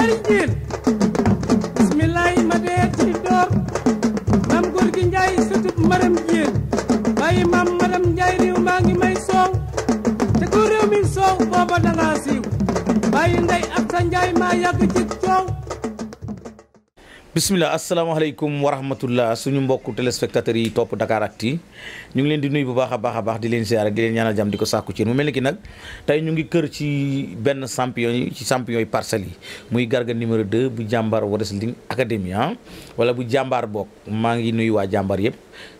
alal jiin bismillaay ma dee ci door maam góor njaay sëtub maram jiin bàyyi maam maram njaay réew maa ngi may soow te ko mi soow booba dangaa siiw bàyyi ndey ak njaay maa yàgg ci coow bisimilah asalaamaaleykum wa rahmatullah suñu mbokku téléspectateurs yi topp Dakaractu ñu ngi leen di nuyu bu baax a baax a baax di leen siyaare di leen ñaanal jàmm di ko sàkku ci mu mel ni ki nag tey ñu ngi kër ci benn sampion yi ci sampion yi parcelles yi muy Garga numéro de bu jàmbaar Wrestling Academy ah wala bu jàmbaar boog maa ngi nuyu waa jàmbaar yëpp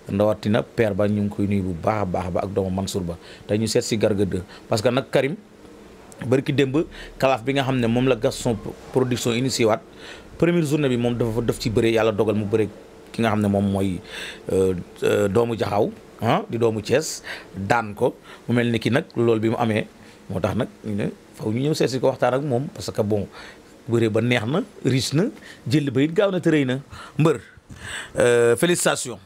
ndawatina père ba ñu ngi koy nuyu bu baax a baax ba ak doomu Mansour ba tey ñu seet si Garga parce que nag Karim bërki démb kalaaf bi xam ne moom la Gaston production initié waat première journée bi moom dafa daf ci bëre yàlla dogal mu bëre ki nga xam ne moom mooy euh, euh, doomu jaxaw ah, di doomu Thiès daan ko mu mel ni ki nag loolu bi mu amee moo tax nag ñu ne faw ñu ñëw seesi ko waxtaan ak moom parce que bon bëre ba neex na riche na jël ba it gaaw na te rëy na mbër euh, félicitation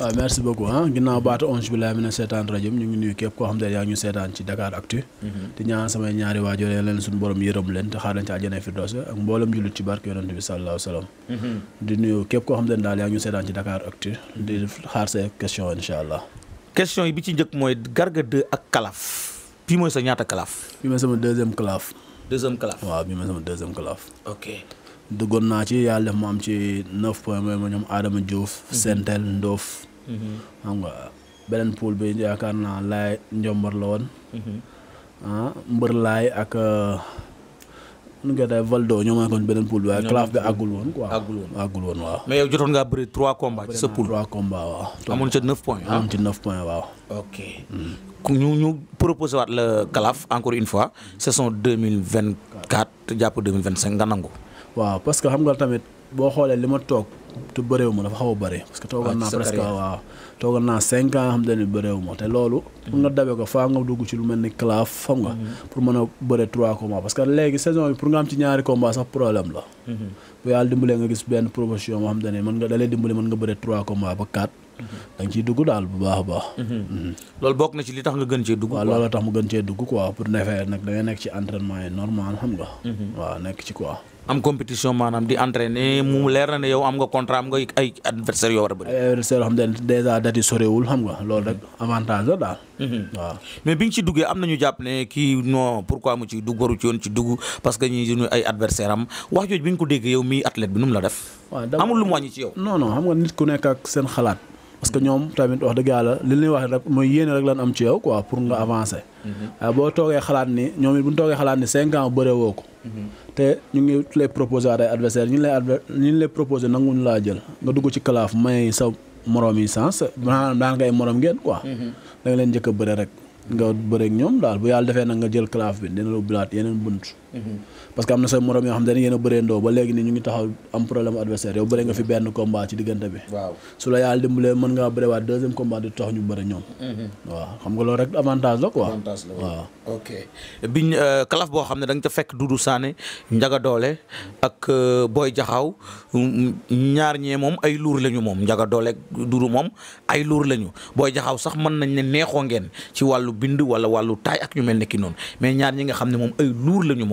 waa merci beaucoup ah ginnaaw baatu onge bi laa mën a seetaan rajim ñu ngi nuyu képp koo xam ne yaa ñu seetaan ci Dakar Actu mm-hmm. di ñaan samay ñaari waajur yal leen suñu borom yërëm leen te xaar leen ci àjjana firdaws ak mboolem jullit ci barke yonent bi sallallahu alayhi wa sallam mm-hmm. di nuyu képp koo xam ne daal sa allah question yi bi ci njëkk mooy Garga 2 ak Kalaf bii mooy sa ñaata Kalaf bi mooy sama deuxième Kalaf deuxième Kalaf mooy sama deuxième Kalaf duggoon naa ci yàlla def ma am ci neuf points mooy ma ñoom aadama Diouf. Mhm. Sentel Ndoof. Mhm. xam beneen pool bi yaakaar naa laay njombar la woon. Mhm. ah mbër laay ak euh, nu nga koy Valdo ñoo ma nekkoon beneen pool bi waaye claf bi àggul woon quoi. àggul woon waaw. mais jotoon ngaa bëri trois combats sa pool. trois combats waaw. amoon ci neuf points. Ah. amoon ci neuf points waaw. ok. Mm. ñu ñu proposé waat la CLAF encore une fois saison deux mille vingt quatre jàpp deux mille vingt cinq nga nangu. waaw parce que xam nga tamit boo xoolee li ma toog te bëreewu ma dafa xaw a bëri parce ah, naa presque waaw toogal naa cinq ans xam te ne te loolu pour nga dabe ko faa nga dugg ci lu mel ni claf xam nga mhm. pour mën a bëre trois combats parce que léegi saison bi pour nga am ci ñaari combats sax problème la mhm. bu yàlla dimbalee nga gis benn promotion moo xam ne mën nga dalee dimbale mën nga bëre trois combats ba quatre da nga dugg daal bu baax a baax. Mm-hmm. loolu bokk na ci li tax nga gën cee dugg. waaw loolu tax mu gën cee dugg quoi pour da ngay nekk ci entraînement yi normal xam nga. Mm-hmm. waaw nekk ci quoi. am compétition maanaam di entraîner mu leer na ne yow am nga contrat am nga ay adversaire yoo war a bëri. ay adversaire yoo xam nga loolu rek avantage la daal. Mm-hmm. mais bi nga ci duggee am nañu jàpp ne kii non pourquoi mu ci dugg waru ci yoon ci dugg parce que ñi ñu ay adversaire am wax jooju bi nga ko déggee yow mii athlète bi nu parce que ñoom tamit wax dëgg yàlla li ñuy wax rek mooy yéene rek lan am ci yow quoi pour nga avancer. waaye mm-hmm. euh, boo toogee xalaat ni ñoom it bu ñu toogee xalaat ni cinq ans bëree woo ko. Mm-hmm. te ñu ngi lay proposé ay adversaire ñu ngi lay adver ñu ngi lay proposé nanguñu laa jël nga dugg ci kalaaf may sa moroom yi sens maanaam daan ngay moroom ngeen quoi. Mm-hmm. da leen njëkk a bëre rek. nga bëre ñoom daal bu yàlla defee nag nga jël kalaaf bi dina la bulaat yeneen bunt. parce que am na sa morom yoo xam ne yéen a bëree ndoo ba léegi nii ñu ngi taxaw am problème adversaire yow bëri nga fi benn combat ci diggante bi su la yàlla dimbalee mën ngaa bëri waat deuxième combat di tax ñu bëri ñoom mm-hmm. waaw xam nga loolu rek avantage la quoi avantage la waaw ok euh, boo xam ne da nga ca fekk Doudou Sané Njaga Doole ak euh, Boy Jaxaw ñaar ñee moom ay luur lañu moom Njaga Doole Doudou moom ay luur lañu Boy Jaxaw sax mën nañ ne neexoo ngeen ci wàllu bind wala wàllu taay ak ñu mel ne ki noonu mais ñaar ñi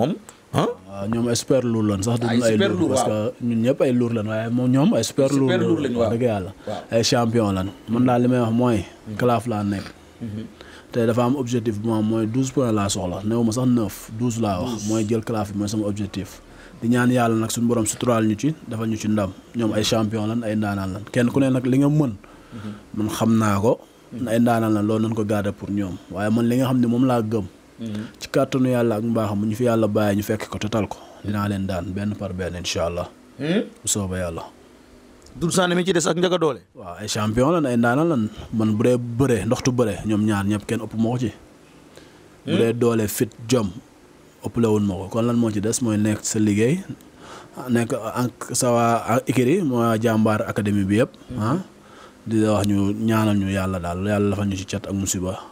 lan. ah ñoom ay super lourd lan sax. Ah, ay super lourd parce que ñun ñëpp ay lourd lan waaye moom ñoom ay super lourd lan wax dëgg yàlla. ay champion lan man daal li may wax mooy. kalaaf mhm. points laa soxla néew sax neuf douze laa wax mooy jël kalaaf bi mooy sama objectif. di ñaan yàlla nag suñu borom suturaal ñu ci dafa ñu ci ndam ñoom ay champion lan ay ndaanaan lan kenn ku ne nag li nga mën. Mhm. man xam naa ko. Mhm. ay ndaanaan lan loolu nañ ko garder pour ñoom waaye man li nga xam ne moom laa gëm. ci kàttanu yàlla ak mbaaxam ñu fi yàlla bàyyi ñu fekk ko total ko dinaa leen daan benn par benn incha allah. Hmm? bu soobee yàlla. Doudou Sané mi ci des ak Ndiaga Dollé. waa ay champion lan ay ndaanaan lan man bu dee bëree ndoxtu bëre ñoom ñaan ñëpp kenn ëpp moo ko ci. bu hmm? dee doole fit jom ëppale woon ma ko kon lan moo ci des mooy nekk sa liggéey nekk ak sa Ikiri mooy jàmbaar académie bi yëpp. Hmm. Ah. di di wax ñu ñaanal ñu yàlla daal yàlla dafa ñu ci cat ak musiba.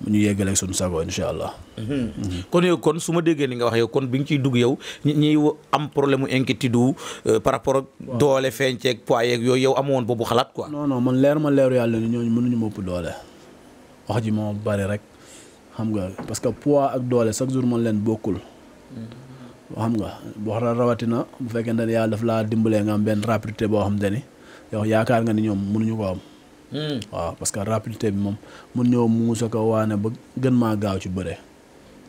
mu ñu yeggaleeg suñu sago incha allah. Mm-hmm. kon yow kon su ma déggee ni nga wax yow kon bi nga ciy dugg yow ñi ñiy am problème mu inquiétude euh, par rapport doole feeñ ceeg poids yeeg yooyu yow amoon boobu xalaat ko non non man leer ma leeru yàlla ni ñooñu mënuñu mopp doole wax ji moo bari rek xam nga parce que poids ak doole chaque jour man leen bokkul. Mm-hmm. xam nga boo xam rawatina bu fekkee ne yàlla daf laa dimbalee nga am benn rapidité boo xam te ni yow yaakaar nga ñoom mënuñu ko am. waaw parce que rapidité bi moom mu ñëw muus ak waane ba gën maa gaaw ci bëre.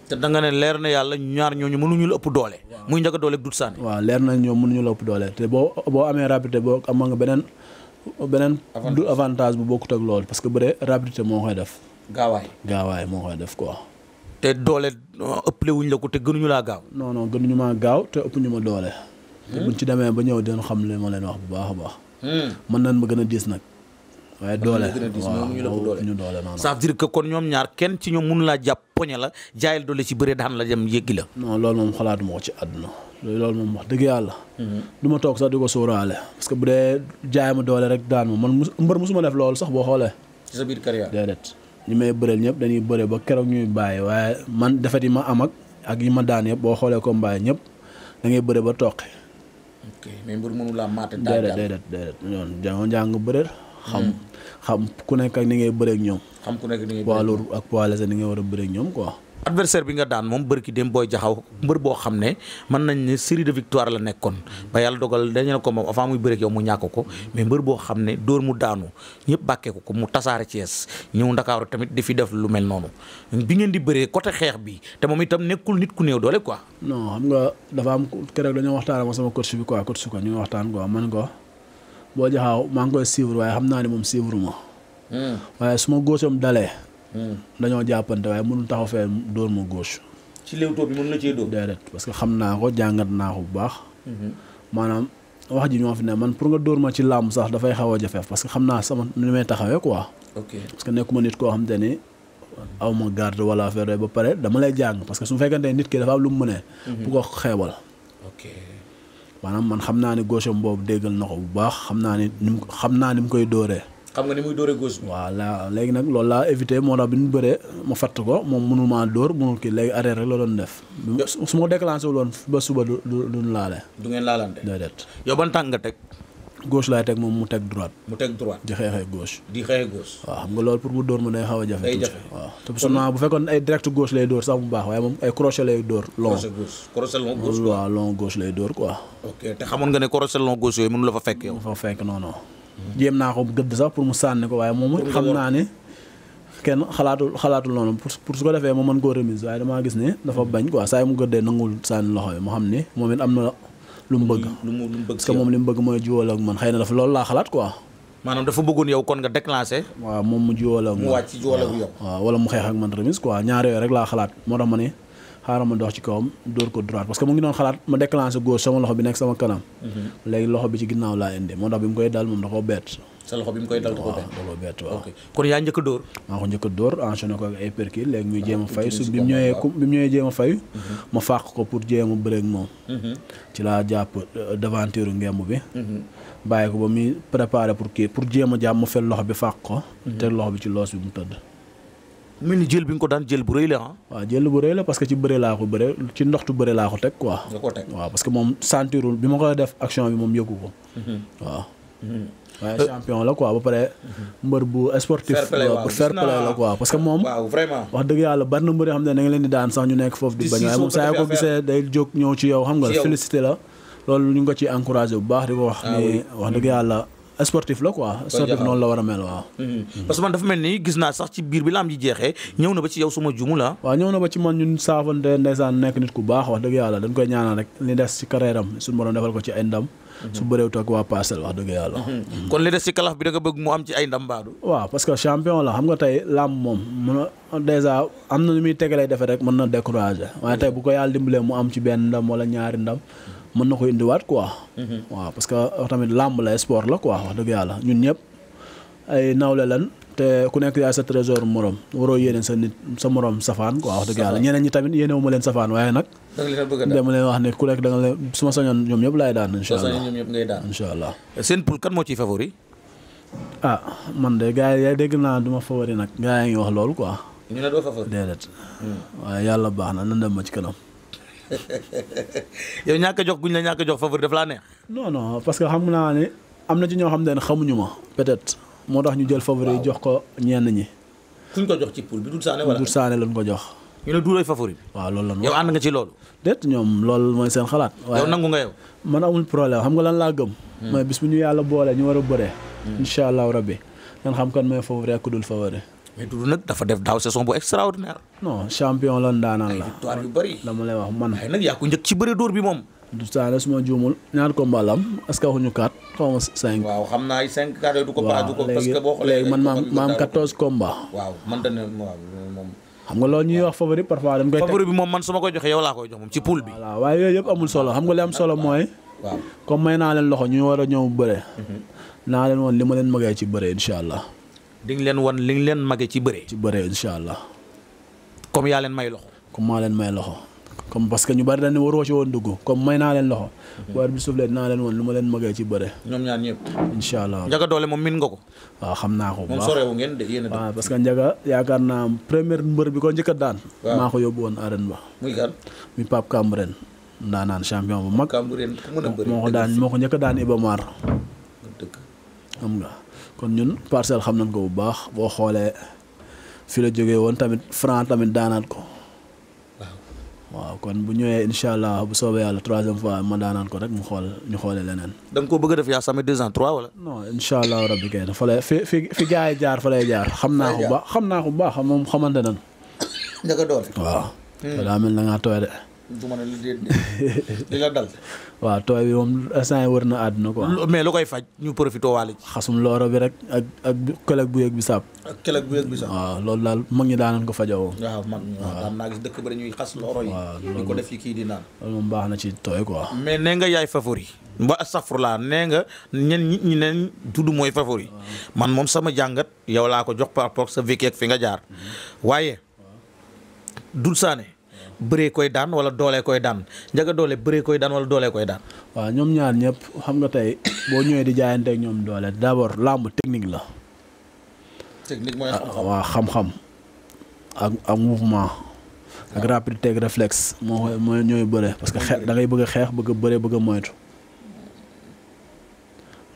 te da nga ne leer na yàlla ñaar ñooñu mënuñu la ëpp doole. mu njëkk doole doole dut sànni. waaw leer na ñoom mënuñu la ëpp doole boo boo amee rapidité boo am nga beneen beneen. du avantage bu bokkut ak parce que bëre rapidité moo koy def. gaawaay gaawaay moo koy def ko te doole euh, ëpp wuñ la ko te gënuñu laa gaaw. non gënuñu maa gaaw te ëpp ñu ma doole. Hmm? te buñ ci demee ba ñëw dinañ xam li ma leen wax bu baax a baax. Hmm. mën nañ ma gën a diis nag. waaye doole waaw ñu la ko doole ñu ñaar kenn ci ñoom mënu laa jàpp poñe la jaayal doole ci bëre daan la dem yëggi la. non loolu moom xalaatu ma ko ci àdduna loolu moom wax dëgg yàlla. Mhm. du ma toog sax di ko sóoraale. parce que bu dee jaay ma doole rek daan ma man mbër musuma def loolu sax boo xoolee. ci sa biir carrière déedéet ñi may bëreel ñëpp dañuy bëree ba keroog ñuy bàyyi waaye man defet yi ma am ak ak yi ma daan yëpp boo xoolee ko mbaay ñëpp da ngay bëre ba toqi ok mais mbër mënu laa maate. daal déedéet déedéet ñoom jàng xam xam ku nekk ak ni ngay bëree ak ñoom. xam ku nekk ni ngay poids lourd ak poids léger ni ngay war a bëree ñoom quoi. adversaire bi nga daan moom bër ki dem booy jaxaw mbër boo xam ne mën nañ ne série de victoire la nekkoon ba yàlla dogal dañu ne ko moom avant muy mu ñàkk ko mais mbër boo xam ne dóor mu daanu ñëpp bàkkee ko ko mu tasaare Thiès ñëw Ndakaaru tamit di fi def lu mel noonu bi ngeen di bëree coté xeex bi te moom itam nekkul nit ku néew doole quoi. non xam nga dafa am keroog dañoo waxtaan ak sama coach boo jaxaaw maa ngi koy suivre waaye xam naa ne moom suivre ma. Hmm. waaye su ma góosam dalee. Hmm. dañoo jàppante waaye mënul taxaw fee dóor ma góos. ci léewtoo bi mën na cee dóor. déedéet parce que xam naa ko jàngat naa bu baax. Hmm. maanaam wax ji ñoo fi ne man pour nga ma ci làmb sax dafay xaw a jafe parce que xam naa sama ni may taxawee ko ok parce que nekkuma nit koo xam ne aw ma garde wala affaire ba pare dama lay jàng parce que su fekkente nit ki dafa lu mu mënee. xeebal. maanaam man xam naa ne gauche mboobu déggal na ko bu baax xam naa ni ni mu xam naa ni mu koy dóoree. xam nga ni muy dóoree gauche bi. waaw laa léegi nag loolu laa éviter moo tax bi ñu bëree ma fatt ko moom mënul maa dóor mënul kii lay arrêt la doon def. su ma déclenché wu loon ba suba du du duñ laale. du ngeen laalante déedéet. yow ban tànk nga teg. gauche laay teg moom mu teg droite. di xeexee gauche. di xam nga loolu pour mu dóor mu day xaw a jafe. gauche lay dóor ne crochet long la fa fekk yow. fa fekk non non. jéem naa ko gëdd sax kenn xalaatul xalaatul noonu pour su ko defee ma mën koo remise waaye damaa gis ne dafa bañ quoi saa yu mu gëddee nanguwul sànni loxo yi mu xam ne moom it am na lu mu bëgg lu mu bëgg parce que moom li mu bëgg mooy jiwoo ak man na dafa loolu laa xalaat quoi. maanaam moom mu jiwoo ak mu wàcc mu xeex ak man remise quoi ñaar yooyu rek laa xalaat moo tax ma ne xaaral ma dox ci kawam dóor ko droite parce mu ngi doon xalaat ma déclenché gauche sama loxo bi nekk sama kanam. Mhm. léegi loxo bi ci ginnaaw laa indi moo tax bi mu koy dal moom da koo bett sa loxo bi mu koy da ko benn waaw bett waaw. kon yaa njëkk a dóor. maa ko njëkk a dóor enchaîné ko ak ay perkil léegi muy jéem a ah, mhm. ma fàq ko pour jéem a bëreeg moom. Mhm. ci laa jàpp euh, devanture ngemb bi. Mhm. bàyyi ko ba muy préparé pour kii pour jéem a jàpp ma fel loxo bi fàq ko. teg loxo bi ci loos bi mu tëdd. mel ni jël bi nga ko daan jël bu rëy la ah. waaw jël bu rëy la parce que ci bëre laa ko bëre ci ndoxtu bëre laa ko teg quoi. nga waaw parce que moom sentirul bi ma koy def action bi moom yëgu ko. waaye champion la quoi ba pare mbër bu sportif. pour fair euh, play la quoi parce que moom. waaw vraiment. wax dëgg yàlla bari na mbër yoo xam ne da leen di daan sax ñu nekk foofu di bañ. waaye moom saa yoo ko gisee day jóg ñëw ci yow xam nga félicité la. loolu ñu ngi ko ci encouragé bu baax di ko wax ah ni wax dëgg yàlla sportif la quoi. sportif noonu la war a mel mhm. parce que man dafa mel ni gis naa sax ci biir bi laam ji jeexee ñëw na ba ci yow suma jumu la. waaw ñëw na ba ci man ñun saafante ndeysaan nekk nit ku baax wax dëgg yàlla dañ koy ñaanal rek li des ci carrière ko ci ay ndam. Mhm. su bëreew wax dëgg yàlla. Mhm. kon li des bi da bëgg mu am ci ay ndam baadu. waaw parce que champion la xam nga tey làmb moom mën a dèjà am na nu muy lay defee rek mën na décourager waaye tey bu ko yàlla dimbalee mu am ci benn ndam wala ñaari ndam mën na ko indiwaat quoi. Mhm. waaw parce que euh, tamit làmb la sport la quoi wax dëgg yàlla ñun ñëpp ay nawle lan te ku nekk yaay sa trésor morom waroo yéene sa nit sa morom safaan quoi wax dëgg yàlla ñeneen ñi tamit yéene ma leen safaan waaye nag. wax ne ku nekk da nga leen su ma sañoon ñoom ñëpp laay daan. incha allah ñoom ñëpp ngay daan incha allah. seen poule kan moo ciy favori. ah man de gars yi dégg naa duma ma favori nag. gars yi ngi wax loolu quoi. ñu ne déedéet. Hmm. waaye yàlla baax na nan ma ci kanam. yow ñàkk jox guñ la ñàkk jox faveur daf laa neex. no non parce que xam naa ne am na ci ñoo xam ne xamuñu ma peut-être moo tax ñu jël faveur yi jox ko ñenn ñi. kuñ ko jox ci poul bi Doudou Sané wala Doudou Sané lañ ko jox. ñu ne duurooy favori waaw loolu la yow ànd nga ci loolu. det ñoom loolu mooy seen xalaat. waaye yow nangu nga yow. man amul problème xam nga lan laa gëm. Hmm. mooy bis bu ñu yàlla boolee ñu war a bëree. Hmm. incha allahu rabbi nan xam kan mooy favori ak ku dul favori mais dafa def daaw saison bu extraordinaire. non champion la ndaanaan la. dama lay wax man. waaye nag yaa ko njëkk ci bëre dóor bi moom. du saa ne su ma juumul ñaar combat la am est que waxuñu waaw xam naa 5 4 du ko pas du ko parce que boo xoolee léegi man maam maam 14 waaw man dañ ne waaw xam nga loolu ñuy wax favori parfois dañ koy. favori bi moom man su ma koy joxe laa koy jox moom ci poule bi. waaye yooyu yëpp amul solo xam nga li am solo mooy. waaw comme may naa leen loxo ñu war a ñëw bëre. Mhm. naa leen woon li ma leen mëgee ci bëre incha allah di leen wan li nga leen mage ci bëre. ci bëre incha allah. comme yaa leen may loxo. comme maa leen may loxo. comme parce que ñu bari dañ ne waroo ci woon dugg comme may naa leen loxo. bu arbitre bi soufflé dinaa leen woon lu ma leen magee ci bëre. ñoom ñaar ñëpp. incha allah Ndiaga Dolé moom min nga ko. waaw xam naa ko bu baax moom soreewu ngeen que Ndiaga yaakaar naa première mbër bi ko njëkk daan. maa ko yóbbu woon arène ba. muy kan muy Pape Cambrène. champion bu mag. Cambrène moo ko daan moo ko njëkk a daan Ibamar. dëgg xam nga. kon ñun parcelle xam nañ ko bu baax boo xoolee fi la jógee woon tamit franc tamit daanaat ko waaw kon bu ñëwee incha allah bu soobee yàlla troisième fois ma daanaan ko rek mu xool ñu xoolee leneen. da nga koo bëgg def yaa sami deux trois wala. non incha allah rabbi kay fa lay fi fi fi gars yi jaar fa lay jaar. xam naa ko bu baax xam naa ko bu baax moom xamante nan. nga ko door. waaw. Hmm. te daa mel na ngaa tooy de. du ma ne waaw tooy bi moom instant wër na àdduna ko mais lu koy faj ñu profité waale ci. xasum looro bi rek ak ak këlëg bu yëg bi saab. ak këlëg bi saab. waaw loolu daal mag ñi daan nañ ko fajawoo. waaw dëkk ba dañuy xas looro yi. kii di naan. na ci tooy quoi. mais nee nga yaay favori. ba astafurlaa nee nga ñen nit ñi neen mooy favori. man moom sama jàngat yow laa ko jox par rapport sa vécu fi nga jaar. Mm-hmm. waaye Doudou Sané bëree koy daan wala doolee koy daan njaga doole bëree koy daan wala doolee koy daan. waaw ñoom ñaar ñëpp xam nga tey boo ñëwee di jaayante ak ñoom doole d'abord làmb technique la. technique mooy ah, waaw xam-xam ak ak mouvement. ak rapidité ak réflexe moo koy mooy ñooy bëre parce que xeex da ngay bëgg xeex bëgg a bëgg a moytu.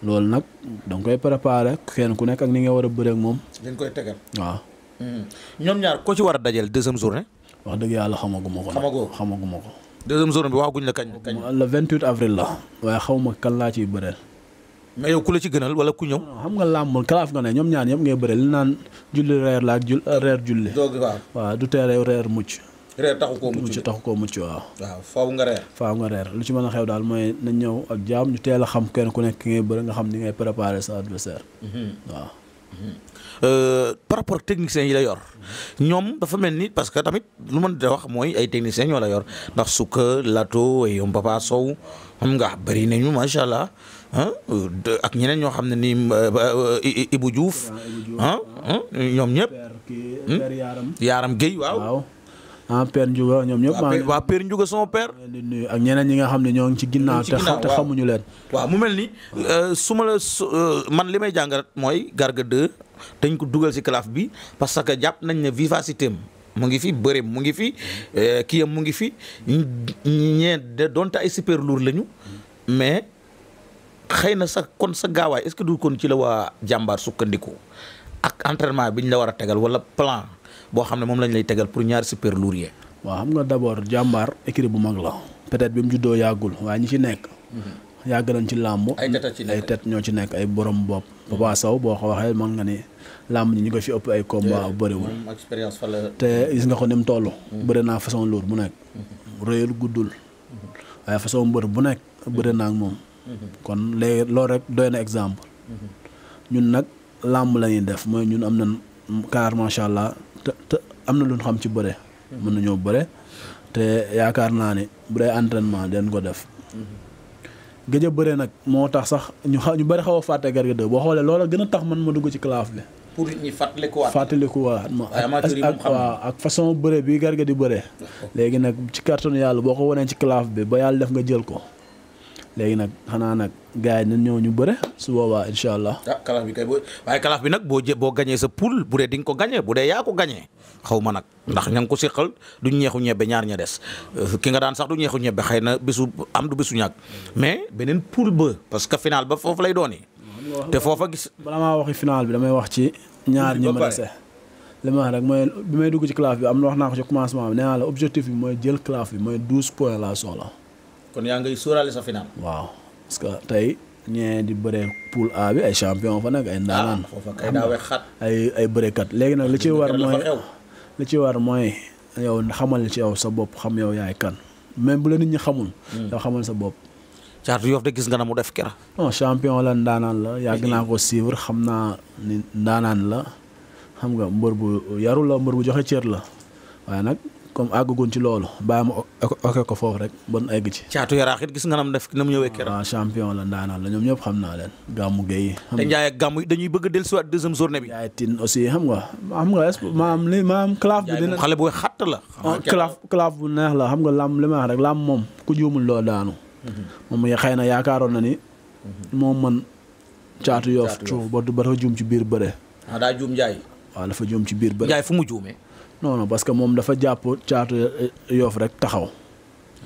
loolu nag danga koy préparer kenn ku nekk ak ni ngay war a bëre moom. dañ koy tegal waaw. Hmm. ñoom ñaar ko ci war a dajale deuxième journée. wax dëgg yàlla xamaguma ko. xamagoo xamaguma ko. deuxième zone bi waxaguñ la kañ. kañ le 28 avril la. waaye xaw ma kan laa ciy bëreel. mais yow ku la ci gënal wala ku ñëw. xam nga làmb kalaaf nga ne ñoom ñaan yëpp ngay bëreel li naan julli reer la ak jul euh, reer julli. doog waaw du tee reer mucc. reer taxu koo mucc taxu koo mucc waaw. waaw nga reer. faaw nga reer lu ci mën a xew daal mooy na ñëw ak jaam ñu teel a xam kenn ku nekk ki ngay bëri nga xam ni ngay préparer sa adversaire mhm. waaw. Mhm. Euh, par rapport ak techniciens yi la yor ñoom dafa mel ni parce que tamit lu mën di wax mooy ay technicien ñoo la yor ndax Souka Lato ay Papa Sow xam nga bëri nañu macha allah ak ñeneen ñoo xam ne nii euh, euh, Ibou juuf ah ñoom ñëpp. Yaaram hmm? waaw. ah Père Ndiouga ñoom ñëpp. maa ngi waa Père Ndiouga sama père. ak ñeneen ñi nga xam ne ñoo ngi ci ginnaaw. te te xamuñu leen. waaw mu mel ni su ma la man li may jàngat mooy Garga 2 dañ ko dugal ci calaf bi parce que jàpp nañ ne vivacité am mu ngi fi bëri mu ngi fi euh, kiyam mu ngi fi ñee de donte ay super lourd lañu mais xëy na sa kon sa gaawaay est-ce que du kon ci la waa jàmbaar sukkandiku ak entraînement bi ñu la war a tegal wala plan boo xam ne moom lañ lay tegal pour ñaari super lourd yi waaw xam nga d'abord jàmbaar écurie bu mag la peut-être bi mu juddoo yàggul waaye ñi ci nekk mm-hmm. yàgg nañ ci làmb ay tet ñoo ci nekk ay borom bopp boo ko waxee mën nga làmb ñi ñu ko fi ëpp ay combat bëriwul te gis nga ko ni mu toll bëri naa façon loolu bu nekk mm-hmm. rëyul guddul mm-hmm. waaye façon mbër bu nekk bëri mm-hmm. naa ak moom kon léegi lool rek doy na exemple ñun nag làmb lañuy def mooy ñun am na kaar macha allah te te am na lu ñu xam ci bëre mën nañoo bëre te yaakaar naa ni bu dee entraînement den ko def gëj a bëre nag moo tax sax ñu xa ñu bari xaw a fàtte Garga boo xoolee loola gën a tax man ma dugg ci classe bi. pour nit ku fàttalikuwaat fàttalikuwaat ma ak waaw ak façon bëre bi Garga di bëre. léegi nag ci kàttanu yàlla boo ko wanee ci classe bi ba yàlla def nga jël ko léegi nag xanaa nag. gars yi nañ ñëw ñu bëre su boobaa incha allah. ah kalaaf bi kay boo waaye kalaaf bi nag boo jë boo sa poule bu dee di nga ko gañee bu dee yaa ko gañee xaw ma nag ndax ña nga ko seqal du ñeexu ñebe ñaar ña des euh, ki nga daan sax du ñeexu ñebe xëy na bésu am du bésu ñàkk mais beneen poule ba parce que final ba foofu lay dooni te foofa gis. bala maa waxi final bi damay wax ci. ñaar ñi ma dese li ma rek mooy bi may dugg ci claf bi am na wax naa ko ci commencement bi nee naa la objectif bi mooy jël claf bi mooy douze points yaa ngay sóoraale sa final. waaw. parce que tey ñee di bëree poule A bi ay champion fa nekk ay ndaanaan ah, ay ay bëreekat léegi nag li ci war mooy li ci war mooy yow xamal si yow sa bopp xam yow yaay kan même bu la nit ñi xamul hmm. yow xamal sa bopp caatu Yoff de gis nga na mu def kera non champion la ndaanaan la yàgg naa ko suivre xam naa ndaanaan la xam nga mbër bu yaru la mbër bu joxe cër la waaye nag comme àggaguñ ci loolu bàyyi ma oke ko foofu rek bon egg ci. caatu yaraax it gis nga nam def na mu ñëwee keroog. waaw ah, champion la ndaanaan la ñoom ñëpp xam naa leen. gàmmu Gueye. te Ndiaye ak gàmmu dañuy bëgg a dellusiwaat deuxième journée bi. Ndiaye Tine aussi xam nga xam nga maam li maam claf bi dina. bu xatt la. Ah, bu neex la xam nga lam li ma wax rek lam moom ku juumul loo daanu. Mhm. moom xay na yaakaaroon na ni. Mhm. moom man caatu yoof. caatu ba dafa juum ci biir bëre. ah daa juum Ndiaye. waaw dafa juum ci biir bëre. Ndiaye fu mu juumee non parce que moom dafa jàpp caatu eh, yoof rek taxaw.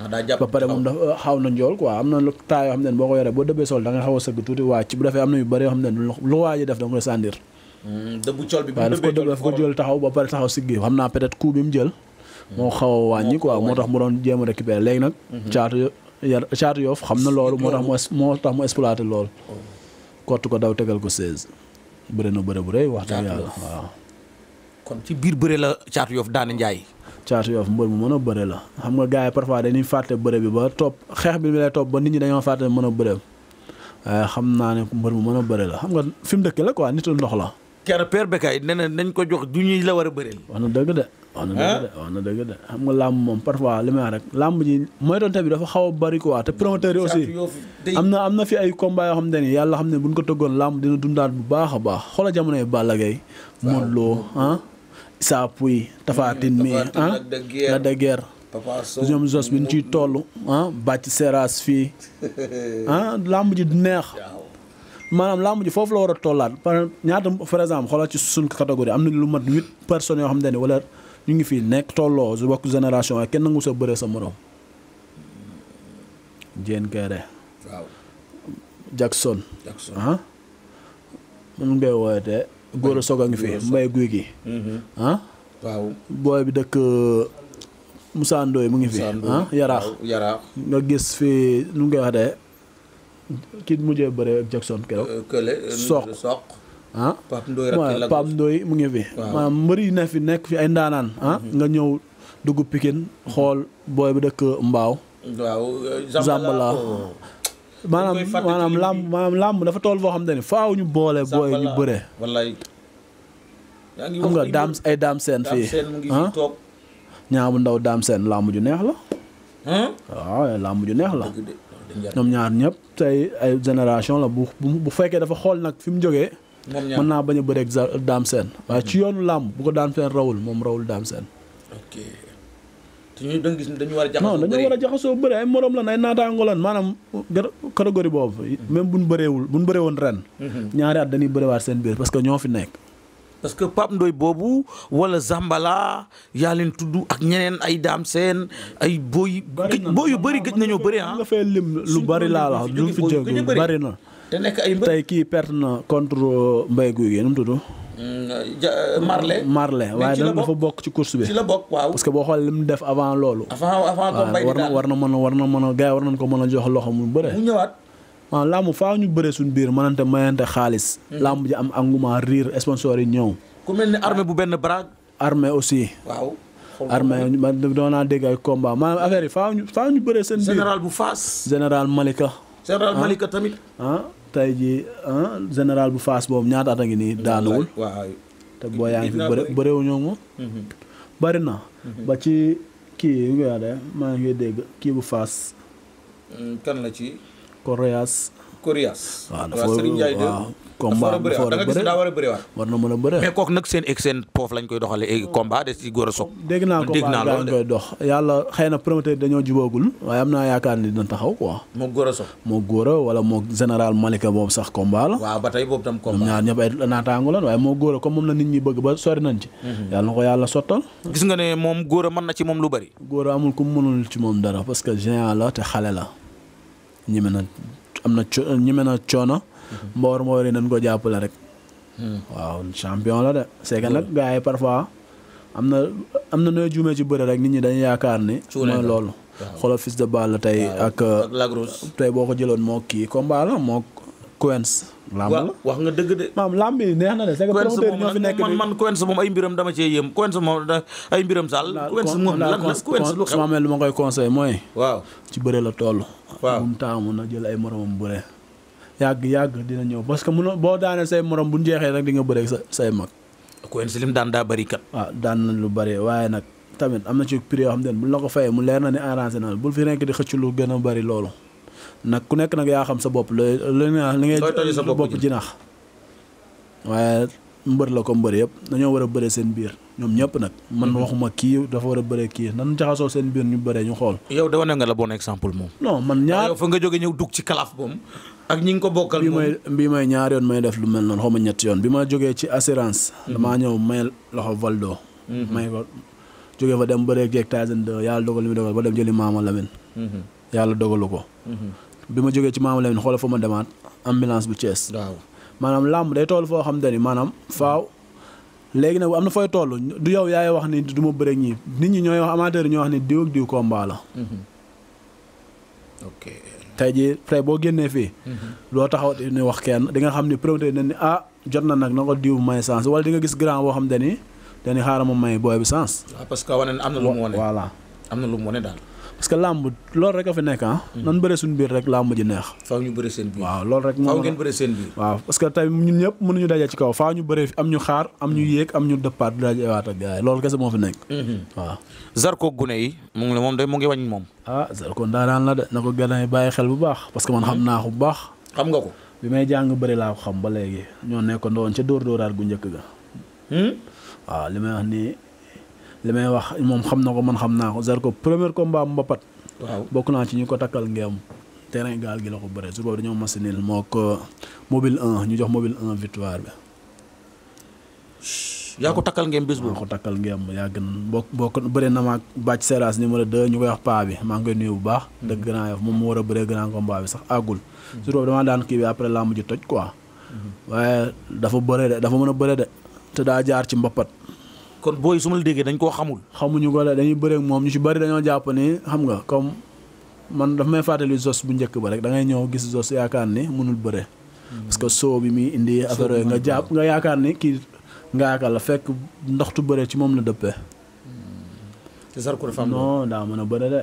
Ah, daa jàpp ba pare moom dafa xaw na njool quoi am na lu taa yoo xam ne boo ko yoree boo dëbbee sol da nga a sëgg tuuti wàcc bu defee am na yu bëri yoo xam ne lu hmm, taxaw ba pare taxaw siggi xam naa peut être coup bi xaw a wàññi quoi moo tax mu doon jéem a récupérer léegi nag. Mhm. caatu yar caatu yoof xam na loolu moo tax moo tax mu exploité lool oh. kott ko daw tegal ko 16. bëri na bëri bu rëy wax dëgg waaw kon ci biir bëre la Caatu Yoff daane Njaay. Caatu Yoff mbër mu mën a bëre la xam nga gars yi parfois dañuy fàtte bëre bi ba topp xeex bi mi lay topp ba nit ñi dañoo fàtte mën a bëre eh, xam naa ne mbër mu mën a bëre la xam nga fi mu dëkk la quoi nitul ndox la. Kër Père Bekay nee na nañ ko jox du ñuy la war a bëreel. wax na dëgg de. na dëgg ah. wax na dëgg de xam nga làmb moom parfois li may wax rek làmb ji mooy doonte bi dafa xaw a bëri quoi te promoteur yi aussi am na am na fi ay combat yoo xam ne ni yàlla xam ne bu buñ ko tëggoon làmb dina dundaat bu baax a baax xoola jamonoy Balla Gaye Modou Lo ah Issa Pouye Tapha Tine mii ah la de guerre ñoom jos bi ñu ciy toll ah bàcc seeraas fii ah làmb ji du neex maanaam làmb ji foofu la war a tollaat par ñaata par exemple xoolal ci suñ catégorie am na lu mat huit personnes yoo xam ne wala ñu ngi fii nekk tolloo su bokk génération waaye kenn nangu sa bëree sa morom Diène Kairé waaw Jackson ah mun ngay woowetee góor a soog a ngi fi mbay guy gi. Mhm. Ah? waaw booy bi dëkk euh, Moussa Ndoye mu ngi fi. ah yaraax yaraax nga gis fi nu ngi koy wax de ki mujjee bëre ak Jackson keroog. Euh, Kële Soq euh, Soq. ah mu ngi fi. waaw mbër yi ne fi nekk fi ay ndaanaan. ah mhm. nga ñëw dugg Pikine xool booy bi dëkk Mbaaw. waaw oh. maanaam maanaam làmb maanaam làmb dafa tool boo xam ne faaw ñu boole booy ñu bëre. wallaay. yaa ngi wax nga daam ay daam seen fii ah ñaar bu ndaw daam seen làmb ju neex la. Hmm? waaw làmb ju neex la. ñaar ñëpp tey ay génération la bu bu fekkee dafa xool nag fi mu jógee. mën naa bañ a bëreeg daam seen. waaye ci yoonu làmb bu ko daam seen rawul moom rawul daam seen. te da gis ne dañu war a jaxasoo bëri dañu a jaxasoo bëri ay morom lan ay naataango lan maanaam catégorie boobu même buñ bëreewul buñ bëree woon ren mhm. ñaari at dañuy bëriwaat seen biir parce que ñoo fi nekk parce que Pape Ndoye boobu wala Zambala yaa leen tudd ak ñeneen ay daam seen ay booy gëj booy yu bëri gëj nañoo bëri ah nga lu bëri laa la lu fi jóg bëri na te nekk ay mbër tey kii perte na contre euh, mbay guy gi nu mu tudd Mm, euh, Marley. Marley waaye da dafa bokk ci course bi ci la bokk waaw. parce que boo xoolee li mu def avant loolu. avant avant war na war na mën a war na mën a gars yi war nañ ko mën a jox loxo mu bëre. mu ñëwaat. waaw ah, làmb faaw ñu bëre suñu biir mënante mayante xaalis. Hmm. làmb ji am engouement riir sponsor yi ñëw. ku mel ni ah. armée bu benn bras. armée aussi. waaw. armée man doon naa dégg ay combat maanaam affaire yi faaw ñu faaw ñu bëre seen biir. général bu Fass. général Malika. général ah. Malika tamit. tey jii ah, général bu fas boobu ñaata at a ngi nii daanuwul. te boo yaa ngi fi bëre bërewu ñoo moom. Mhm. bari mhm. ba ci kii yi nga xam ne maa ngi dégg kii bu fas mm, kan la ci. Correas. Coriace. waaw dafa Serigne Ndiaye war a bëri a bëri waat. na mën a bëri mais kooku nag seen egg seen poof lañ koy doxalee eh, combat de si góor a soog. dégg naa combat gaa ngi koy dox yàlla xëy na promoteur dañoo jubóogul waaye am naa yaakaar ni dina taxaw quoi. a moo góor a wala moo général Malika boobu ba tey boobu tam combat ñaar ñëpp ay naataangu la waaye moo góor a comme moom la nit ñi bëgg ba sori nañ ci. Mhm. yàlla na ko yàlla sottal. gis nga ne moom góor a mën na ci moom lu bëri. góor a amul ku mënul ci moom dara parce que géant la te xale la ñeme na am na co ñeme na coono. Mhm. mboor mboor yi nañ ko jàppale rek. Hmm. waaw champion la de. c'est nag gars yi parfois am na am na nooy juumee ci bëre rek nit ñi dañuy yaakaar ni. mooy loolu. xoolal fils de balle tey ak. ak Lac tey boo ko jëloon moo kii combat la moo Quench. lamb la wax nga dëgg de. maam lamb yi neex na de. c'est nekk man man moom ay mbiram dama cee yëm Coense moom ay mbiram saal. Coense moom lan la Coense lu xew lu ma koy conseil mooy. ci bëre la toll. waaw mu taamu na jël ay moromam bëre. yàgg yàgg dina ñëw parce que mënoo boo daanee say morom bu jeexee rek di nga bëre sa say mag. Coense lim daan daa bëri kat. waaw ah, daan na lu bare waaye nag tamit am na ci prix yoo xam ne bu la ko fayee mu leer na ne arrangé na bul fi nekk di xëcc lu gën a bëri loolu nag ku nekk nag yaa xam sa bopp looy li ngay sa bopp jinax waaye mbër la ko mbër yëpp dañoo war a bëre seen biir ñoom ñëpp nag man mhm. waxuma kii dafa war a bëre kii nan jaxasoo seen biir ñu bëree ñu xool yow da wane nga la bon exemple moom no man ñaar fa nga jóge ñëw dugg ci kalaaf boom ak ñi nga ko bokkal bi may bi may ñaar yoon may def lu mel noonu xaw ma ñett yoon bi ma jógee ci assurance mhm. damaa ñëw may loxo Valdo mhm. may ko jógee fa dem bëree jeeg Tyson 2 yàlla dogal li mu dogal ba dem jëli Maama Lamine yàlla dogalu ko bi ma jógee ci maamu Lamine xoolal fa ma demaat ambulance bu Thiès. waaw làmb day toll foo xam te ni maanaam faaw. léegi nag am na fooy toll du yow yaay wax ni du ma bëre ñii nit ñi ñooy wax amateur ñoo ñooy wax ni diw ak diw combat la. Mhm. ok tey boo génnee fii. loo mhm. taxaw ni wax kenn di nga xam ni promoteur na ni ah jot na nag na ko diw may sens wala di nga gis grand boo xam te ni dañuy xaaral ma may booy bi sens. waaw ah, parce que wane na am na lu mu wane. voilà na lu mu wane daal. parce que làmb lool rek a fi nekk ah. Mm. nan bëre suñu biir rek làmb ji neex. faaw ñu bëre seen biir waaw loolu rek. faaw ngeen ñu ñu xaar mm. loolu kese moo fi nekk. Mm-hmm. waaw. Zarko gune yi mu ngi la moom de mu ngi wàññi moom. ah Zarko daanaan bàyyi xel bu baax parce que man xam mm-hmm. naa ko bu baax. xam nga ko. bi may jàng bëri laa ko xam ba léegi ñoo nekkoon doon ca dóor dóoraat gu njëkk ga hmm? waaw li may wax nii li may wax moom xam na ko man xam naa ko Zarko premier combat mbapat waaw bokk naa ci ñu ko takkal ngeem terrain gaal gi la ko bëre su boobu dañoo moo ko euh, mobile ñu jox mobile 1 victoire bi. yaa ko takkal ngeem bés boobu yaa ko takkal ngeem yaa gën boo boo ko bëree na maag bàcc seeraas numéro 2 ñu koy wax paa bi maa ngi koy nuyu bu baax. Mm-hmm. dëgg Grand Yoff moom a bëree grand combat bi sax àggul. su mm-hmm. boobu damaa daan kii bi après laa mujj toj quoi. Mm-hmm. waaye dafa bëre de dafa mën a bëre de te daa jaar ci mbapat. kon booy su ma la déggee dañ koo xamul. xamuñu ko la dañuy bëri moom ñu ci bëri dañoo jàpp ne xam nga comme man daf may fàttali Zos bu njëkk ba rek da ngay ñëw gis Zos yaakaar ni mënul bëre. parce que soo bi muy indi affaire nga jàpp nga yaakaar ni kii nga yaakaar la fekk ndoxtu bëre ci moom la dëppee. te Zarko daa mën a bëre de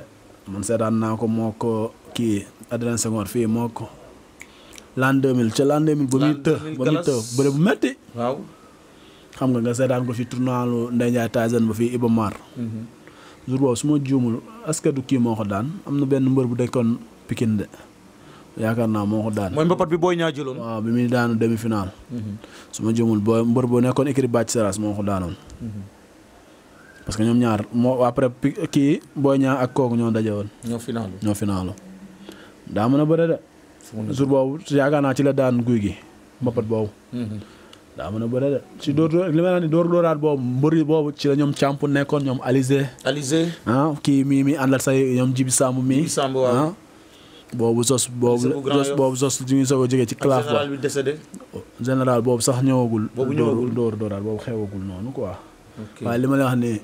man seetaan naa ko moo ko kii Adrien Senghor fii moo ko l'an 2000 ca l'an 2000. ba muy të ba muy të bu metti xam nga nga seetaan ko fi tournoi lu Ndeye Ndiaye Tyson ba fii Iba Mar. Mhm. jour boobu su ma juumul est que du kii moo ko daan am na benn mbër bu dekkoon Pikine de yaakaar naa moo ko daan. mooy mbapat bi booy ñaa jëloon. waaw bi muy daanu demi final. Mhm. su ma juumul booy mbër bu nekkoon écurie Bathie Seras moo ko daanoon. Mhm. parce que ñoom ñaar moo après kii booy ñaa ak kooku ñoo daje woon. ñoo final ñoo final daa mën a bëre de. jour boobu yaakaar naa ci la daan guy gi mbapat boobu. daa mën a bëre de si door li may wax door dooraat boobu mbëri boobu ci la ñoom càmp nekkoon ñoom Alizé. Alizé ah kii mii mii àndal say ñoom Jibi Samb mii. Jibi Samb waaw ah, boobu sos boobu sos boobu sos ñu ngi soog ci classe ba général général boobu sax ñëwagul. boobu ñëwagul door dooraat boobu xewagul noonu quoi. waaye li ma la wax ni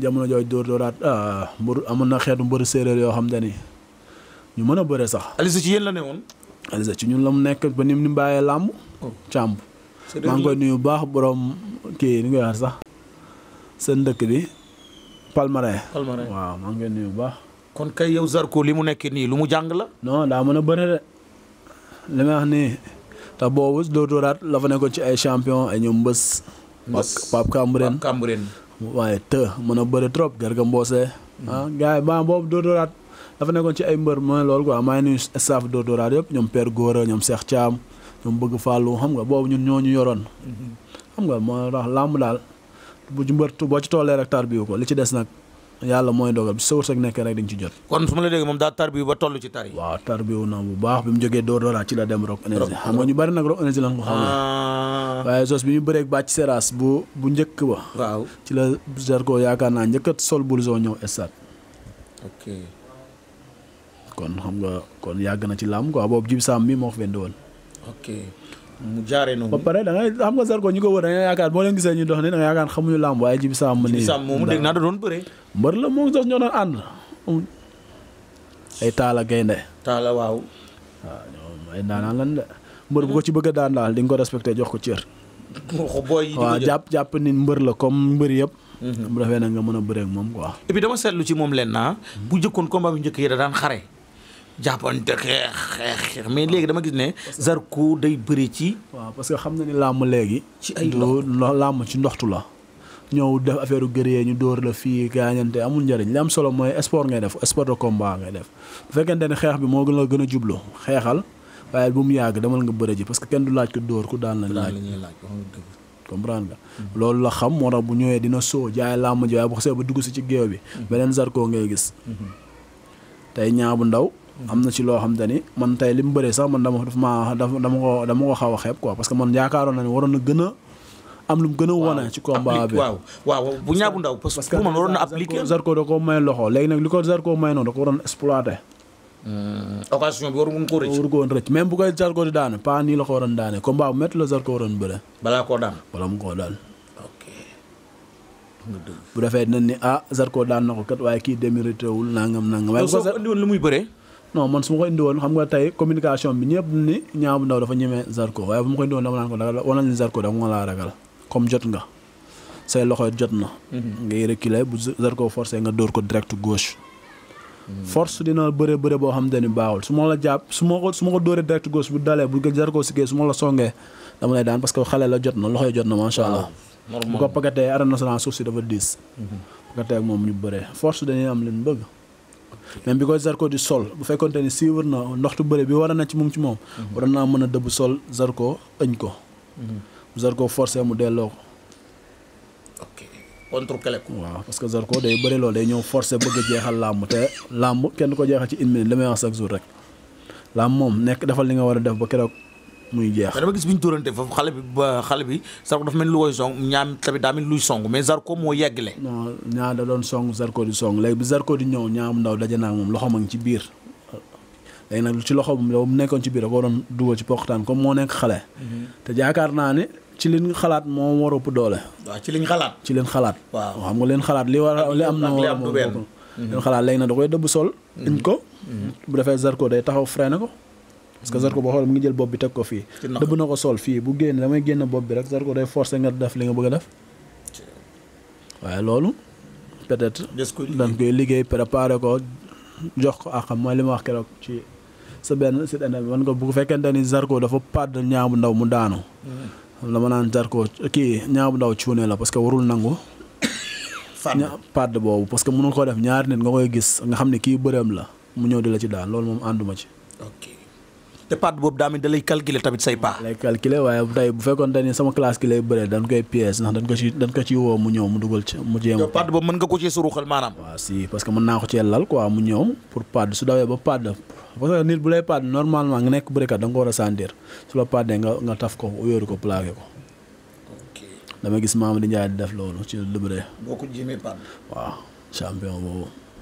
jamono jooju door dooraat ah, mbër amoon na xeetu mbëri séeréer yoo xam te ni ñu mën a bëre sax. Alizé ci la ne woon. Alizé ci ñun la mu nekk ba ni mu bàyyee làmb càmp oh. maa ngi koy nuyu bu baax borom kii ni koy wax sax seen dëkk bi Palmarin. Palmarin waaw koy nuyu bu baax. kon kay yow Zarko li mu nekk nii lu mu jàng la. non daa mën a bëre de li may nii te boobu dootoraat la fa nekkoon ci ay champion ay ñoom mbës. mbës Pape Cambrène Pape Cambrène. waaye të mën a bëre trop Garga Mbossé. Hmm. ah gars yi ba boobu dootoraat dafa nekkoon ci ay mbër mooy loolu quoi maa ngi nuyu staff dootoraat yëpp ñoom Père Gora ñoom Cheikh Thiam. ñoom bëgg fàllu xam nga boobu ñun ñoo ñu yoroon. xam nga ma tax làmb daal bu ci mbër boo ci tollee rek tarbiyu ko li ci des nag yàlla mooy dogal bi sa wërsëg nekkee rek di nga ci jot. kon su ma la déggee moom daa tarbiyu ba toll ci tar yi. waaw tarbiyu na bu baax bi mu jógee door dooraa ci la dem Rock Énergie xam nga ñu bari nag Rock Énergie lan ko xam ah. waaye sos bi ñu bëreeg bàcc seras bu bu njëkk ba. waaw ci la Zarko yaakaar naa njëkkat sol blouson ñëw stade. ok. xam nga kon yàgg na ci làmb quoi boobu jib saam bi moo ko fi ok mu jaaree noonu. ba pare da ngay xam nga Zarko ñu ko wër da yaakaar boo leen gisee ñu dox nii da ngay yaakaar xamuñu làmb waaye Djiby Samb. nii Djiby Samb moomu dégg naa mbër la moom sax ñoo ay Talla Gaynde. Talla waaw. waaw ah, ñoom ay lan mbër bu ko ci bëgg daan daal di nga ko respecté jox ko cër. booy waaw jàpp jàpp ni mbër la comme mbër yëpp. bu mhm. defee nag nga mën a bëree ak moom quoi. et dama seetlu ci moom leen naa bu njëkkoon combat bi jëkk yi da daan xare jàppante xeex xeex xeex mais léegi dama gis ne. Zarko day bëri ci. waaw parce xam na ni làmm léegi. ci ay làmb ci ndoxtu la. ñëw def affaire yee ñu dóor la fii gaañante amul njëriñ li am solo mooy sport ngay def sport de combat ngay def bu fekkente ne xeex bi moo gën a gën a jublo xeexal waaye bu mu yàgg demal nga bëre ji parce que kenn du laaj ko dóor ku daan lañ laaj comprendre nga hmm. loolu la xam moo tax bu ñëwee dina soo jaay làmb ji waaye bu xasee ba dugg si ci géew bi hmm. beneen Zarko ngay gis hmm. am na ci loo xam te ni man tey li mu bëree sax man dama dama dama ko dama ko xaw a xeeb quoi parce que man yaakaaroon na ne waroon na gën a am lu mu gën a ci combat bi waaw waaw bu ñaabu ndaw parce que man waroon na appliquer ko li ko Zarko may noonu da ko waroon exploiter hmm, occasion bi waru ko rëcc bu koy Zarko di daane pas nii la ko waroon daane combat bu métti la Zarko waroon bëre balaa koo daan balaa mu koo bu defee dinañ ni ah Zarko daan na ko kat waaye kii démérité wul nangam nangam. waaye bu soo ko lu muy bëree. non man su ma ko indiwoon xam nga tey communication bi ñëpp ni Niang bu Ndaw dafa ñemee Zarko waaye bu ma ko indiwoon dama naan ko ragal wala ni Zarko dama laa ragal comme jot nga say loxo jot na. Mm-hmm. ngay reculer bu Zarko forcé nga dóor ko direct gauche. force dina bëre bëre boo xam te ni baaxul su ma la jàpp su ma ko su ma ko dóoree direct gauche bu dalee bu Zarko siggee su ma la songee dama lay daan parce que xale la jot na loxo jot na macha allah. bu ko pakatee arène nationale suuf si dafa diis. Mm-hmm. pakatee ak moom ñu bëree force dañuy am leen bëgg. même bi ko Zarko di sol bu fekkonte ni suivre na ndoxtu bëre bi war na ci moom ci moom. war waroon naa mën a dëbb sol Zarko ëñ ko. Zarko forcé mu delloo ko. ok contre Keleku. waaw parce que Zarko day bëri loolu day ñëw forcé bëgg a jeexal làmb te làmb kenn ko jeexal ci une minute li may wax chaque jour rek làmb moom nekk defal li nga war a def ba keroog. muy jeex dama gis bi ñu dóorante foofu xale bi ba xale bi Zarko dafa mel ni lu koy song ñaam tamit daa mel luy song mais Zarko moo yeggale. non ñaa da doon song Zarko di song léegi bi Zarko di ñëw ñaam ndaw daje naa moom loxo ma ngi ci biir léegi nag ci loxo bu nekkoon ci biir da koo doon dugal ci poqtaan comme moo nekk xale. Mhm. te naa ne ci liñ xalaat moo war ëpp doole. waaw ci liñ xalaat. ci leen xalaat. waaw xam nga leen xalaat li war li am na li am du benn. Mhm. leen xalaat léegi da koy dëbb sol. Mhm. iñ ko bu defee Zarko day taxaw na ko parce que Zarko boo xool mu ngi jël bopp bi teg ko fii dëbb na ko sol fii bu génn damay génn bopp bi rek Zarko day forcé nga def li nga bëgg def waaye loolu peut-être dañ koy liggéey préparé ko jox ko xam mooy li ma wax keroog ci sa benn site internet bi man ko bu fekkente ni Zarko dafa pàdd Niang bu Ndaw mu daanu mm-hmm. dama naan Zarko kii Niang bu Ndaw cuune la parce que warul nangu pàdd boobu parce que mënu ko def ñaari nit nga koy gis nga xam ne kii bërëm la mu ñëw la ci loolu moom ànduma ci te part boobu daa mel da lay calculer tamit say pas. lay calculer waaye tey bu fekkoon dañ sama classe ki lay bëree dañ koy pièce ndax dañ ko ci dañ mu ñëw mu dugal ci mu jéem. part boobu mën nga ko ci suruxal maanaam. waaw si parce que mën naa ko cee lal quoi mu ñëw pour part su dawee ba part parce que nit bu lay part normalement nga nekk bërekat da ko war a sentir su la part nga taf ko yóoru ko plaqué ko. dama gis Mamady Ndiaye di def loolu ci lu boo ko jéemee part.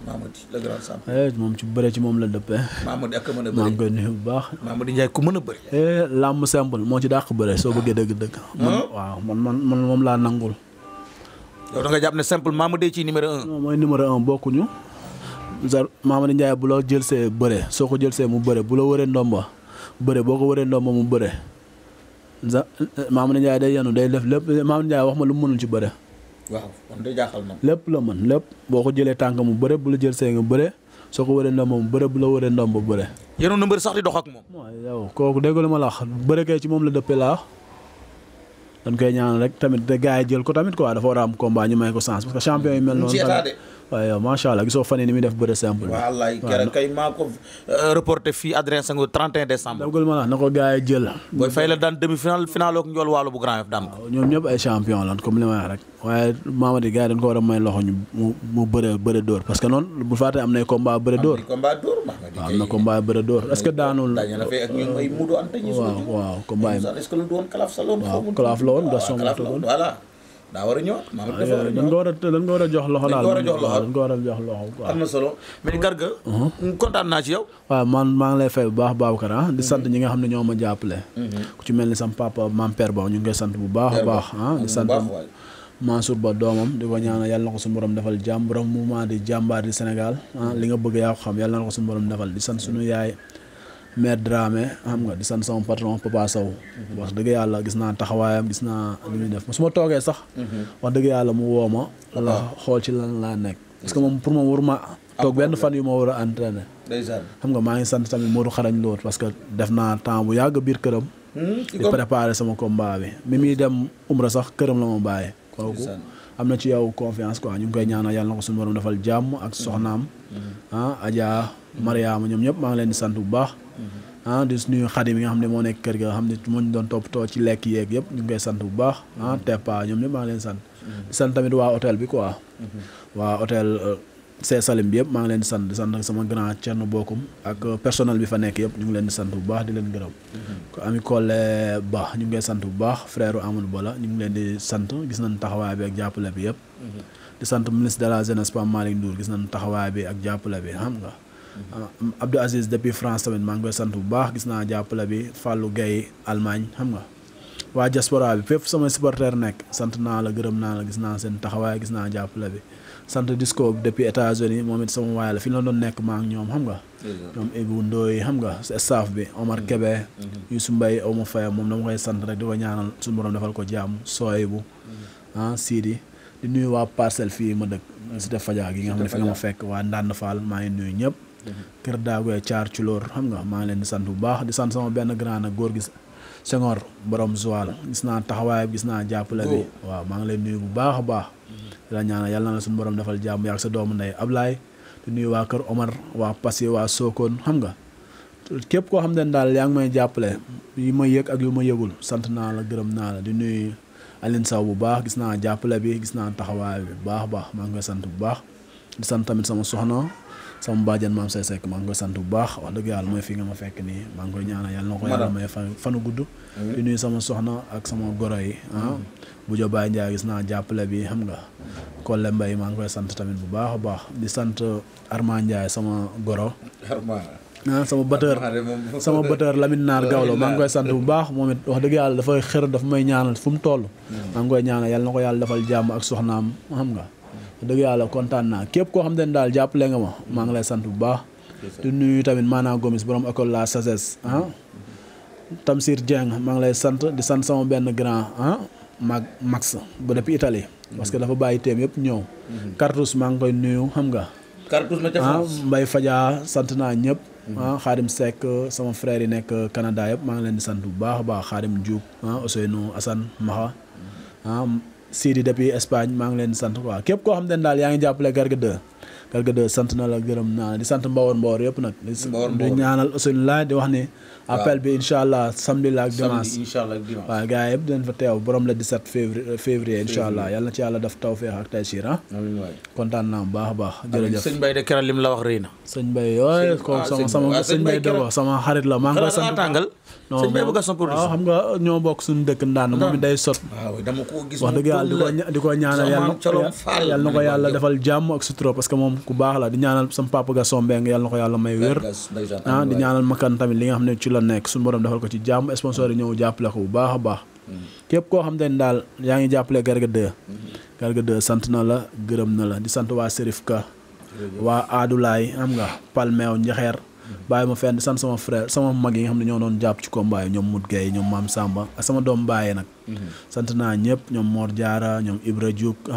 Mamadi le grand champion. Eh, moom ci bëre ci moom la dëppee. Eh. Mamadi ak a nuyu bu baax. Mamadi Ndiaye ku mën a bëri. Eh, làmb simple moo ci dàq bëre soo bëggee dëgg-dëgg. Ah. man man moom laa nangul. yow jàpp ne simple Mamadi ci numéro un. mooy numéro un bokkuñu. zar Mamadi Ndiaye bu loo jël see bëre soo ko jël see mu bëre bu la wëree ndomba bëre boo ko wëree ndomba mu bëre. za Mamadi Ndiaye day yenu day def lépp Mamadi Ndiaye wax ma lu mu mënul ci bëre waaw kon de na. lépp la mën lépp boo ko jëlee tànk mu bëre bu la jël see nga bëre soo ko wëree ndomb mu bëre bu la wëree ndomb bu bëre. yéen a mbër sax di dox ak moom. waaw kooku dégg la ma la bëre kay ci moom la dëppee laa dañ koy ñaanal rek tamit te gars jël ko tamit quoi dafa war a am combat ñu may ko sens parce que champion yi mel noonu. waaye yow macha allah yi ni def bëre simple. wallaay keroog ko euh, fii Adrien Senghor 31 décembre. dagul ma na ko gars yi jël. booy fay la daan demi ñëpp ay champion lan comme li ma war a may loxo ñu mu mu bëre parce que noon bu faatee am nay combat bëre dóor. am na combat dóor waaw am na combat bëre dóor est ce que daanul. daañu la waaw waaw combat yi kalaaf la woon gaston mu tëggoon daa war a ñëwaat maanaam a ñëwaat jox loxo daal dañ ko war a jox loxo quoi am solo mais Garga uh-huh. kontaan naa man maa ngi lay fay bu baax ka ah di sant mm-hmm. ñi nga xam ne ñoo ma jàppale mm-hmm. ku ci mel ni sam papa maam père ba ñu ngi koy sant bu baax baax ah di sant Mansour Ba doomam di ko ñaanal yàlla na ko suñu borom defal jàmm borom maa di jàmbaar di Sénégal ah li nga bëgg yaa ko xam yàlla na ko suñu borom defal di sant suñu yaay maire Dramé xam nga di sant sama patron Papa Sow wax dëgg yàlla gis naa taxawaayam gis naa li muy def su ma toogee sax mhm. wax dëgg yàlla mu woo ma la ah. xool ci lan laa nekk parce que mhm. moom pour moom waruma ah, toog benn fan yu ma war a entraîné xam nga maa ngi sant tamit Modou Xarañ Lo parce que def naa temps bu yàgg biir këram hmm, di préparé sama combat bi mi muy dem umra sax këram la ma bàyyi am na ci yow confiance quoi ñu ngi koy ñaanal yàlla na ko suñu borom defal jàmm ak soxnaam mm-hmm. ah Adja ñoom ñëpp maa ngi leen di sant bu baax mm-hmm. ah di nuyu xarit bi nga xam ne moo nekk kër ga nga xam ne moo ñu doon toppatoo ci lekk yeeg yëpp ñu ngi koy sant bu baax ah mm-hmm. Tepa ñoom ñëpp maa ngi leen sant di sant tamit waa hôtel bi quoi waa hôtel euh, see salim bi yëpp maa ngi leen di sant di sant sama grand Thierno Bokum ak euh, personnel bi fa nekk yëpp ñu ngi leen di sant bu baax di leen gërëm. Mhm. ko ami Kole Ba ñu ngi sant bu baax frère Amadou Bala ñu ngi leen di sant gis nañ taxawaay bi ak jàppale bi yëpp. Mhm. di sant ministre de la jeunesse Pape gis nañ taxawaay bi ak jàppale bi xam nga. Mhm. Ah, Abdou Aziz depuis France tamit maa ngi koy sant bu baax gis naa jàppale bi Fallou Gueye Allemagne xam nga. waa diaspora bi fépp sama supporter nekk sant naa la gërëm naa la gis naa seen taxawaay gis naa jàppale bi. sant disco depuis États-Unis moom it sama waay la fi la doon nekk maak ngi ñoom xam nga. ñoom Ibou Ndoye xam nga staff bi Omar mm-hmm. Kébé. Mm-hmm. Youssou Mbaye aw ma fayam moom dama koy sant rek di ko ñaanal suñu borom defal ko jàmm sooy bu. Mm-hmm. ah di nuyu waa parcelle fii ma dëkk. Cité Fadia gi nga xam ne fi nga ma fekk waa Ndande Fall maa ngi nuyu ñëpp. Kër Daagoe Thiar Culoor xam nga maa ngi leen di sant bu baax di sant sama benn grand nag góor gi Senghor boroom Joal gis naa taxawaay gis naa jàppale waaw maa ngi lay nuyu bu baax a baax. la ñaanal yàlla na suñu borom defal jàmm yàgg sa doomu ndey Ablaye di nuy waa Kër Omar waa Passy waa sookoon xam nga képp koo xam ne daal yaa ngi may jàppale yu ma yëg ak yu ma yëgul sant naa la gërëm naa la di nuyu Aline Sow bu baax gis naa jàppale bi gis naa taxawaay bi bu baax baax maa ngi koy sant bu baax di sant tamit sama soxna. sama bàjjan maam say sekk maa ngi koy sant bu baax wax dëgg yàlla mooy fi nga ma fekk nii maa ngi koy ñaanal yàlla na ko fan fanu gudd sama soxna ak sama goro yi ah bu gis naa jàppale bi xam nga Kolle Mbaye maa ngi sant tamit bu baax a baax di sant Arma Ndiaye sama goro ah sama batteur sama batteur Lamine Naar Gawlo maa ngi koy sant bu baax moom it wax dëgg yàlla dafay xër dafa may ñaanal fu mu toll hmm. maa ngi koy ñaanal yàlla na ko yàlla defal jàmm ak soxnaam xam nga dëgg yàlla kontaan naa képp koo xam ne daal jàppale nga ma maa ngi lay sant bu baax. di nuyu tamit maanaam Gomis borom école la Sagesse ah. Tamsir Dieng maa ngi lay sant di sant sama benn grand ah mag Max ba depuis Italie. parce que dafa bàyyi teem yëpp ñëw. Cartouche maa ngi koy nuyu xam nga. Cartouche ma ah sant naa ñëpp. ah Xaadim Seck sama frère yi nekk kanadaa yëpp maa ngi leen di sant bu baax baax Xaadim Diouf ah Ousseynou Assane Maxa ah. Sidi depuis Espagne maa ngi leen sant quoi képp koo xam ne daal yaa ngi jàppale Garga 2 Garga 2 sant na la gërëm naa la di sant Mbawar Mbawar yëpp nag. di ñaanal Ousseynou Laay di wax ni. appel bi incha allah samedi la ak dimanche samedi incha yëpp dinañ fa teew borom la 17 février euh, février incha allah yàlla na ci yàlla def tawféex ak taysiir ah. amiin waay kontaan naa bu baax a baax. jërëjëf sëñ Mbaye de keral lim la wax rëy na. sëñ Mbaye yooyu ko sama ah, sama sëñ Mbaye ah, de ah, wax sama yàlla defal jàmm ak sutura parce que moom ku baax la di ñaanal sam papa Gaston Mbengue yàlla na ko yàlla may wér ah di ñaanal makan tamit li nga xam ne ci la nekk suñu borom defal ko ci jàmm sponsor yi ñëw jàppale ko bu baax a baax mm-hmm. képp yaa ngi jàppale Garga mm-hmm. sant na la gërëm na la di sant waa Serif Ka waa Adulaay am nga Palmeew Njaxeer mm-hmm. bàyyi ma fenn di sant sama frère sama mag yi nga xam ne ñoo doon jàpp ci combat yi ñoom Mout Gueye ñoom Maam Samba ak sama doom bàyyee nag sant naa ñëpp ñoom Mor Diarra ñoom Ibra Diouk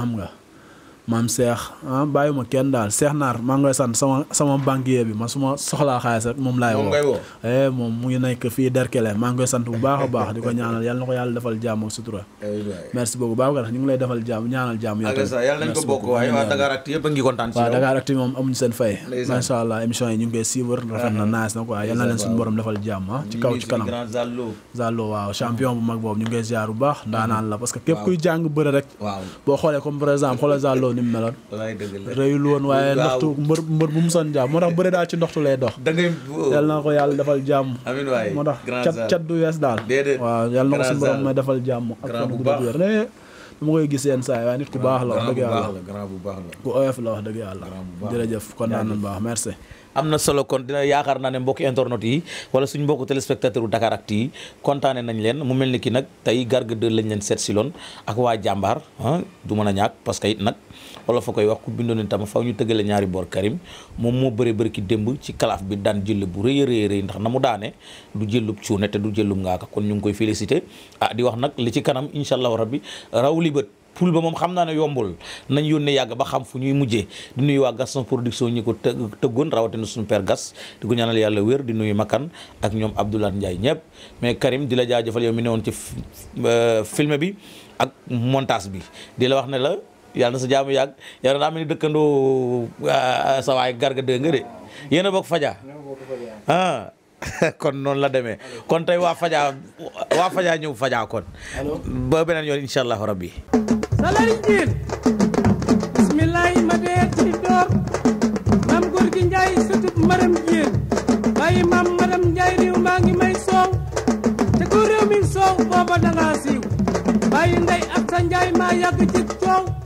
maam seex ah bàyyi ma kenn daal seex naar maa ngi koy sant sama banquier bi ma suma soxlaa xaalis rek moom laay woo eh, moom mu ngi nekk fii Derkele maa ngi sant bu baax a baax di ko ñaanal yàlla na ko yàlla defal jàmm a moom amuñu seen fay macha allah émission yi ñu ngi koy suivre na naas na quoi yàlla na leen suñu borom defal jàmm ah, ci kaw ci kanam Zallo waaw champion bu mag boobu ñu ngi koy bu baax ndaanaan la parce képp kuy jàng bëre rek boo xoolee comme ni mu meloon. wallaay dëgg la rëyul woon waaye ndoxtu mbër mbër bu mu son jàmm moo tax bëre daal ci ndoxtu lay dox. da yal na ko yàlla defal jàmm. amiin waay moo tax cat cat du wees daal. déedéet waaw yal na ko suñu borom may defal jàmm. ak fan bu baax eh, ne dama koy gis yenn saa yi baax la wax dëgg yàlla. bu baax la ku oyof la wax dëgg yàlla. jërëjëf kon naan baax merci. am na solo kon dina yaakaar naa ne mbokk internet yi wala suñ mbokku téléspectateur u Dakaractu yi kontaane nañ leen mu mel ni ki nag tey Garga 2 lañ leen seet si loon ak waa jàmbaar ah, du mën a ñàkk parce que it nag wala fa koy wax ku bindoon itam faw ñu tëggale ñaari boor Karim moom moo bëri bëri ki démb ci kalaaf bi daan jël bu rëy a rëy rëy ndax na mu daane du jëllub cuune te du jëllub ngaaka kon ñu ngi koy félicité ah di wax nag li ci kanam incha allahu rabbi raw li bët poul ba moom xam naa ne yombul nañ yónnee yàgg ba xam fu ñuy mujjee di nuyu waa Gaston production ñi ko të tëggoon rawatina suñu père gas di ko ñaanal yàlla wér di nuyu Makan ak ñoom Abdoulaye Ndiaye ñëpp mais Karim di la jaajëfal yow mi ne woon ci euh, film bi ak montage bi di la wax ne la yàlla sa jaamu yàgg yaa daa mel ni dëkkandoo euh, sa waay garga dégg nga de yéen a bokk faja ah, kon noonu la demee kon tey waa faja waa faja ñëw faja kon ba beneen yoon incha allahu rabbi salari jiin bismillaay ma dee ci door maam góor njaay sutub maram jiin bàyyi maam maram njaay riw maa ngi may soow te ku mi soow booba dangaa siiw bàyyi ndey ak njaay maa yàgg ci coow